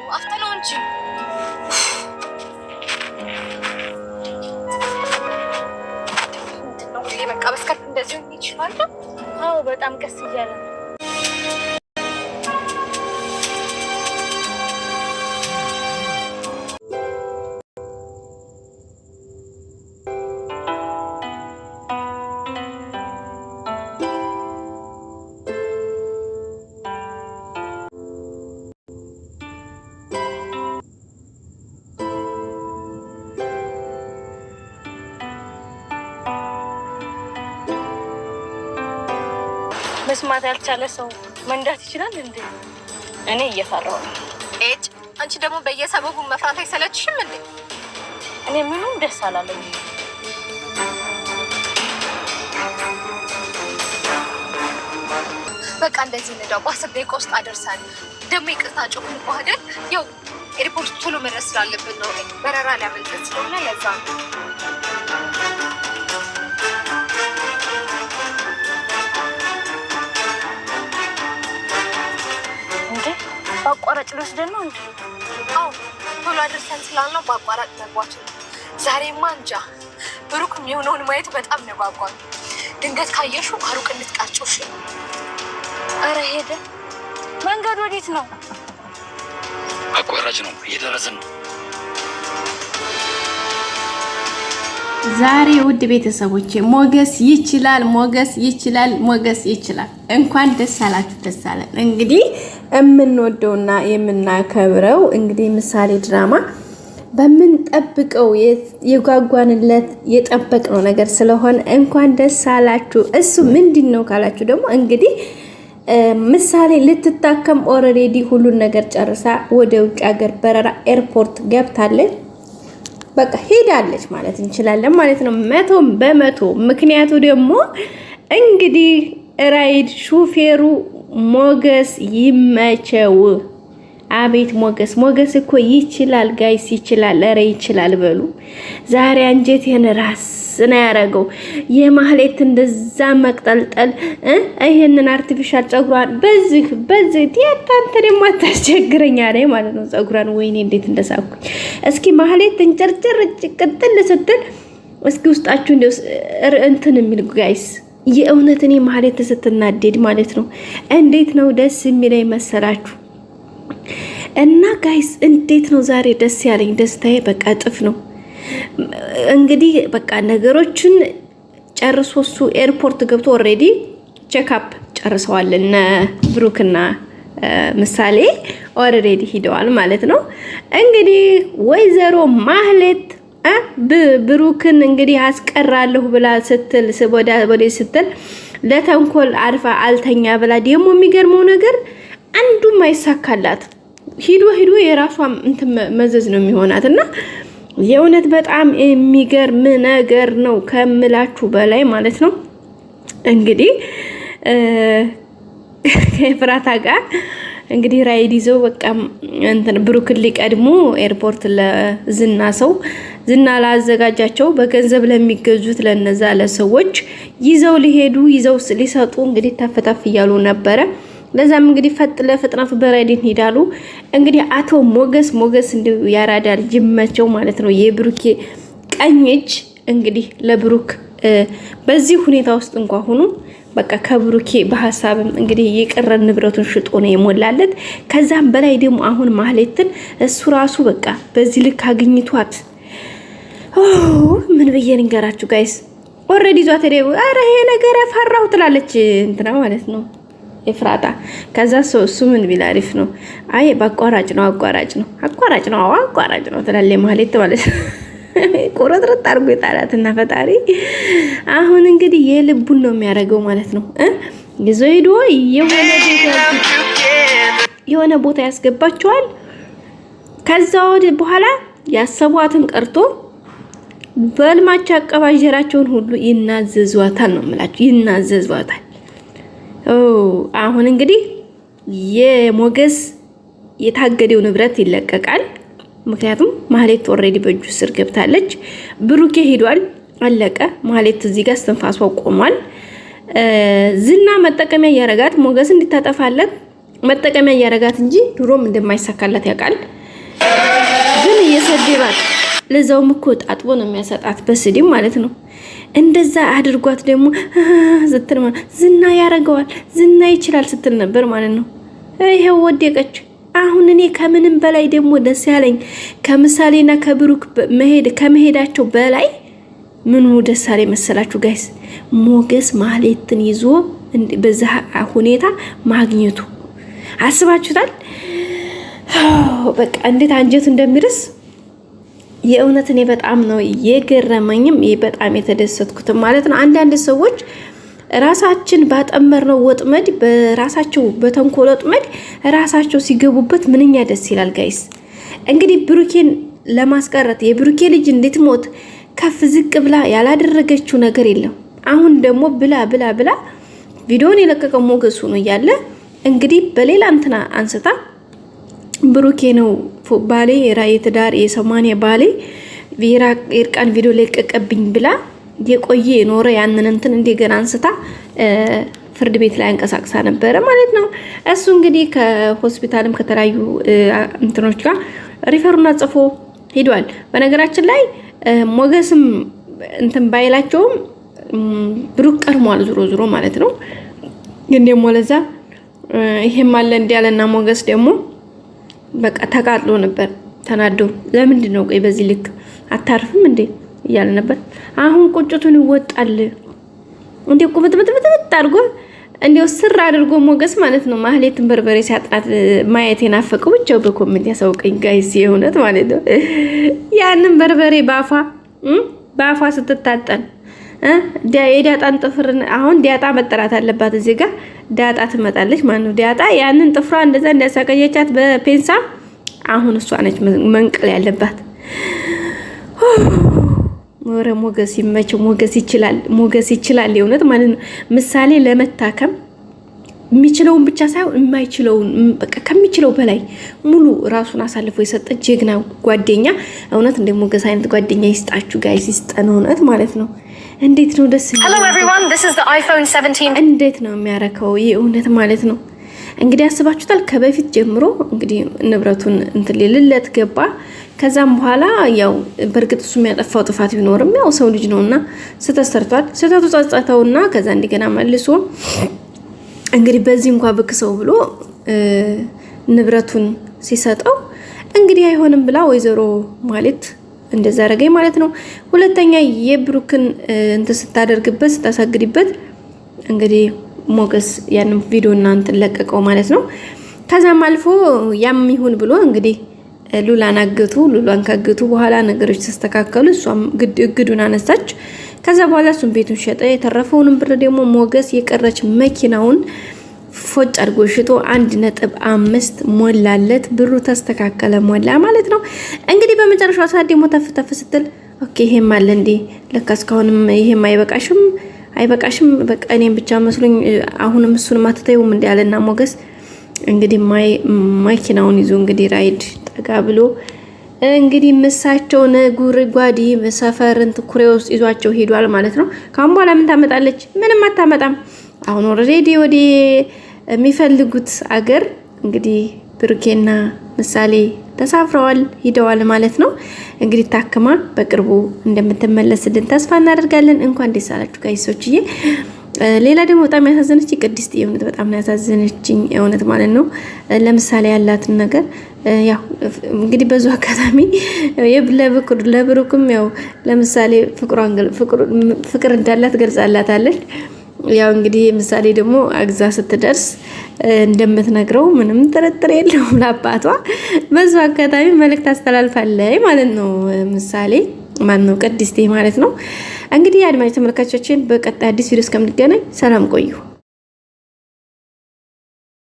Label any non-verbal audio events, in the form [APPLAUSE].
ተው አፍጥነው እንጂ ሁሌ መቃበስ ከፍ እንደዚሁ ይችላል። አዎ በጣም ቀስ እያለ መስማት ያልቻለ ሰው መንዳት ይችላል እንዴ? እኔ እየፈራሁ ነው። ኤጭ አንቺ ደግሞ በየሰበቡ መፍራት አይሰለችሽም እንዴ? እኔ ምንም ደስ አላለኝ። በቃ እንደዚህ ንዳው። በአስር ደቂቃ ውስጥ አደርሳለሁ። ደግሞ ይቅርታ ጮክ ንቋህደን ያው ኤርፖርት ቶሎ መድረስ ስላለብን ነው። በረራ ሊያመልጠት ስለሆነ ለዛ ነው። በአቋራጭ ልወስደን ነው እንዴ? አዎ ቶሎ አድርሰን ስላልነው በአቋራጭ መግባት ነው። ዛሬማ እንጃ ብሩክ የሆነውን ማየት በጣም ነው ጓጓል። ድንገት ካየሹ ከሩቅ እንድትቃጭሽ። አረ ሄደ። መንገድ ወዴት ነው? አቋራጭ ነው፣ እየደረስን ነው። ዛሬ ውድ ቤተሰቦቼ ሞገስ ይችላል፣ ሞገስ ይችላል፣ ሞገስ ይችላል። እንኳን ደስ አላችሁ፣ ደስ አለን እንግዲህ የምንወደውና የምናከብረው እንግዲህ ምሳሌ ድራማ በምንጠብቀው የጓጓንለት የጠበቅነው ነገር ስለሆነ እንኳን ደስ አላችሁ። እሱ ምንድን ነው ካላችሁ ደግሞ እንግዲህ ምሳሌ ልትታከም ኦልሬዲ ሁሉን ነገር ጨርሳ ወደ ውጭ ሀገር በረራ ኤርፖርት ገብታለች። በቃ ሄዳለች ማለት እንችላለን ማለት ነው፣ መቶም በመቶ ምክንያቱ ደግሞ እንግዲህ ራይድ ሹፌሩ ሞገስ ይመቸው። አቤት ሞገስ ሞገስ እኮ ይችላል፣ ጋይስ ይችላል፣ ኧረ ይችላል በሉ። ዛሬ አንጀቴን ራስ ነው ያደረገው። የማህሌት እንደዛ መቅጠልጠል ይሄንን አርቲፊሻል ጸጉሯን በዚህ በዚህ ዲያታንተ ደግሞ አታስቸግረኝ አለኝ ማለት ነው። ጸጉሯን ወይኔ እንዴት እንደሳኩኝ። እስኪ ማህሌት እንጨርጭር ቅጥል ስትል እስኪ ውስጣችሁ እንትን የሚል ጋይስ የእውነት እኔ ማህሌት ስትናደድ ማለት ነው እንዴት ነው ደስ የሚለኝ መሰላችሁ? እና ጋይስ እንዴት ነው ዛሬ ደስ ያለኝ? ደስታዬ በቃ እጥፍ ነው። እንግዲህ በቃ ነገሮችን ጨርሶ እሱ ኤርፖርት ገብቶ ኦልሬዲ ቼክአፕ ጨርሰዋል እነ ብሩክና ምሳሌ ኦልሬዲ ሂደዋል ማለት ነው። እንግዲህ ወይዘሮ ማህሌት ብሩክን እንግዲህ አስቀራለሁ ብላ ስትል ወደ ስትል ለተንኮል አርፋ አልተኛ ብላ ደግሞ የሚገርመው ነገር አንዱም አይሳካላት ሂዶ ሂዶ የራሷ እንትን መዘዝ ነው የሚሆናት እና የእውነት በጣም የሚገርም ነገር ነው ከምላችሁ በላይ ማለት ነው። እንግዲህ ከኤፍራታ [LAUGHS] ጋር እንግዲህ ራይድ ይዘው በቃ እንትን ብሩክን ሊቀድሞ ኤርፖርት ለዝና ሰው ዝና ላዘጋጃቸው በገንዘብ ለሚገዙት ለነዛ ለሰዎች ይዘው ሊሄዱ ይዘው ሊሰጡ እንግዲህ ተፈታፍ እያሉ ነበረ። ለዛም እንግዲህ ፈጥ ለፍጥነቱ በራይድን ሄዳሉ። እንግዲህ አቶ ሞገስ ሞገስ እንዲሁ ያራዳ ልጅ መቸው ማለት ነው የብሩኬ ቀኝ እጅ እንግዲህ ለብሩክ በዚህ ሁኔታ ውስጥ እንኳ ሁኑ በቃ ከብሩኬ በሀሳብም እንግዲህ የቀረ ንብረቱን ሽጦ ነው የሞላለት። ከዛም በላይ ደግሞ አሁን ማህሌትን እሱ ራሱ በቃ በዚህ ልክ አግኝቷት ምን ብዬ ንገራችሁ ጋይስ፣ ኦልሬዲ ይዟት ሄደ። ኧረ ይሄ ነገር ፈራሁ ትላለች እንትና ማለት ነው ኤፍራታ። ከዛ ሰው እሱ ምን ቢል አሪፍ ነው? አይ በአቋራጭ ነው አቋራጭ ነው አቋራጭ ነው አቋራጭ ነው ትላለች ማለት ማለት ነው። [LAUGHS] ቁርጥርጥ አድርጎ እና ፈጣሪ አሁን እንግዲህ የልቡን ነው የሚያደርገው ማለት ነው ይዞ ሄዶ የሆነ ቦታ ያስገባቸዋል። ከዛ ወደ በኋላ ያሰቧትን ቀርቶ በልማቸው አቀባጀራቸውን ሁሉ ይናዘዟታል ነው የምላቸው፣ ይናዘዟታል። አሁን እንግዲህ የሞገስ የታገደው ንብረት ይለቀቃል። ምክንያቱም ማህሌት ኦልሬዲ በእጁ ስር ገብታለች። ብሩኬ ሄዷል፣ አለቀ። ማህሌት እዚህ ጋር እስትንፋሷ ቆሟል። ዝና መጠቀሚያ እያረጋት ሞገስ እንዲታጠፋለት መጠቀሚያ እያረጋት እንጂ ድሮም እንደማይሳካላት ያውቃል። ግን እየሰደባት ለዛውም እኮ ጣጥቦ ነው የሚያሰጣት በስዲ ማለት ነው። እንደዛ አድርጓት ደግሞ [LAUGHS] ስትል ዝና ያደርገዋል ዝና ይችላል ስትል ነበር ማለት ነው። ይሄው ወደቀች። አሁን እኔ ከምንም በላይ ደግሞ ደስ ያለኝ ከምሳሌና ከብሩክ መሄድ ከመሄዳቸው በላይ ምኑ ደስ ያለኝ መሰላችሁ ጋይስ? ሞገስ ማህሌትን ይዞ በዛ ሁኔታ ማግኘቱ አስባችሁታል? በቃ እንዴት አንጀት እንደሚርስ የእውነት እኔ በጣም ነው የገረመኝም በጣም የተደሰትኩትም ማለት ነው። አንዳንድ ሰዎች ራሳችን ባጠመርነው ወጥመድ፣ በራሳቸው በተንኮል ወጥመድ ራሳቸው ሲገቡበት ምንኛ ደስ ይላል። ጋይስ እንግዲህ ብሩኬን ለማስቀረት የብሩኬ ልጅ እንድትሞት ከፍ ዝቅ ብላ ያላደረገችው ነገር የለም። አሁን ደግሞ ብላ ብላ ብላ ቪዲዮን የለቀቀው ሞገሱ ነው እያለ እንግዲህ በሌላ እንትና አንስታ ብሩኬ ነው ባሌ የትዳር የሰማንያ ባሌ የእርቃን ቪዲዮ ለቀቀብኝ ብላ የቆየ የኖረ ያንን እንትን እንደገና አንስታ ፍርድ ቤት ላይ አንቀሳቅሳ ነበረ ማለት ነው። እሱ እንግዲህ ከሆስፒታልም ከተለያዩ እንትኖች ጋር ሪፈሩን ጽፎ ሂዷል። በነገራችን ላይ ሞገስም እንትን ባይላቸውም ብሩክ ቀድሟል፣ ዞሮ ዞሮ ማለት ነው። ግን ደግሞ ለዛ ይሄም አለ እንዲያለና ሞገስ ደግሞ በቃ ተቃጥሎ ነበር ተናዶ። ለምንድን ነው ቆይ በዚህ ልክ አታርፍም እንዴ እያለ ነበር። አሁን ቁጭቱን ይወጣል እንዴ ቁብጥብጥብጥ አድርጎ እንዲው ስር አድርጎ ሞገስ ማለት ነው። ማህሌትን በርበሬ ሲያጥናት ማየት የናፈቀው ብቻው በኮሜንት ያሳውቀኝ ጋይስ፣ የእውነት ማለት ነው። ያንን በርበሬ ባፏ ባፏ ስትታጠን የዳጣን ጥፍርን አሁን ዳጣ መጠራት አለባት። እዚህ ጋር ዳጣ ትመጣለች ማለት ነው። ዳጣ ያንን ጥፍሯ እንደዛ እንዳሳቀየቻት በፔንሳ አሁን እሷ ነች መንቀል ያለባት። ወረ ሞገስ ይመቸው። ሞገስ ይችላል፣ ሞገስ ይችላል የእውነት ማለት ነው። ምሳሌ ለመታከም የሚችለውን ብቻ ሳይሆን የማይችለውን በቃ ከሚችለው በላይ ሙሉ ራሱን አሳልፎ የሰጠ ጀግና ጓደኛ እውነት እንደ ሞገስ አይነት ጓደኛ ይስጣችሁ ጋይስ፣ ይስጠን እውነት ማለት ነው። እንዴት ነው ደስ እንዴት ነው የሚያረከው ይህ እውነት ማለት ነው። እንግዲህ አስባችሁታል። ከበፊት ጀምሮ እንግዲህ ንብረቱን እንትን ልለት ገባ። ከዛም በኋላ ያው በእርግጥ እሱ የሚያጠፋው ጥፋት ቢኖርም ያው ሰው ልጅ ነውና ስህተት ሰርቷል። ስህተቱ ጸጸተውና ከዛ እንደገና መልሶ እንግዲህ በዚህ እንኳ ብክ ሰው ብሎ ንብረቱን ሲሰጠው እንግዲህ አይሆንም ብላ ወይዘሮ ማለት እንደዛ አረገኝ ማለት ነው። ሁለተኛ የብሩክን እንትን ስታደርግበት ስታሳግድበት እንግዲህ ሞገስ ያንን ቪዲዮ እናንትን ለቀቀው ማለት ነው። ከዛም አልፎ ያም ይሁን ብሎ እንግዲህ ሉላን አገቱ። ሉላን ካገቱ በኋላ ነገሮች ተስተካከሉ። እሷም እግዱን አነሳች። ከዛ በኋላ እሱም ቤቱን ሸጠ። የተረፈውንም ብር ደግሞ ሞገስ የቀረች መኪናውን ፎጭ አድርጎ ሽጦ አንድ ነጥብ አምስት ሞላለት። ብሩ ተስተካከለ ሞላ ማለት ነው። እንግዲህ በመጨረሻ ሰዓት ደግሞ ተፍ ተፍ ስትል ኦኬ ይሄም አለ እንዴ ለካ እስካሁንም ይሄም አይበቃሽም አይበቃሽም በቃ እኔም ብቻ መስሎኝ አሁንም እሱን ማትተዩም እንዲ ያለና ሞገስ እንግዲህ ማኪናውን ይዞ እንግዲህ ራይድ ጠጋ ብሎ እንግዲህ ነጉር ጓዲ ሰፈርን ኩሬ ውስጥ ይዟቸው ሄዷል ማለት ነው። ካሁን በኋላ ምን ታመጣለች? ምንም አታመጣም። አሁን ኦልሬዲ ወደ የሚፈልጉት አገር እንግዲህ ብሩኬና ምሳሌ ተሳፍረዋል ሂደዋል ማለት ነው። እንግዲህ ታክማ በቅርቡ እንደምትመለስልን ተስፋ እናደርጋለን። እንኳን ደስ አላችሁ ጋይሶችዬ። ሌላ ደግሞ በጣም ያሳዘነች ቅድስት የእውነት በጣም ያሳዘነችኝ እውነት ማለት ነው። ለምሳሌ ያላትን ነገር ያው እንግዲህ በዙ አጋጣሚ ለብሩክም ያው ለምሳሌ ፍቅር እንዳላት ገልጻላታለች። ያው እንግዲህ ምሳሌ ደግሞ አግዛ ስትደርስ እንደምትነግረው ምንም ጥርጥር የለውም ለአባቷ። በዛ አጋጣሚ መልእክት አስተላልፋለይ ማለት ነው ምሳሌ ማን ነው ቅድስቴ ማለት ነው። እንግዲህ አድማጭ ተመልካቾችን በቀጣይ አዲስ ቪዲዮ እስከምንገናኝ ሰላም ቆዩ።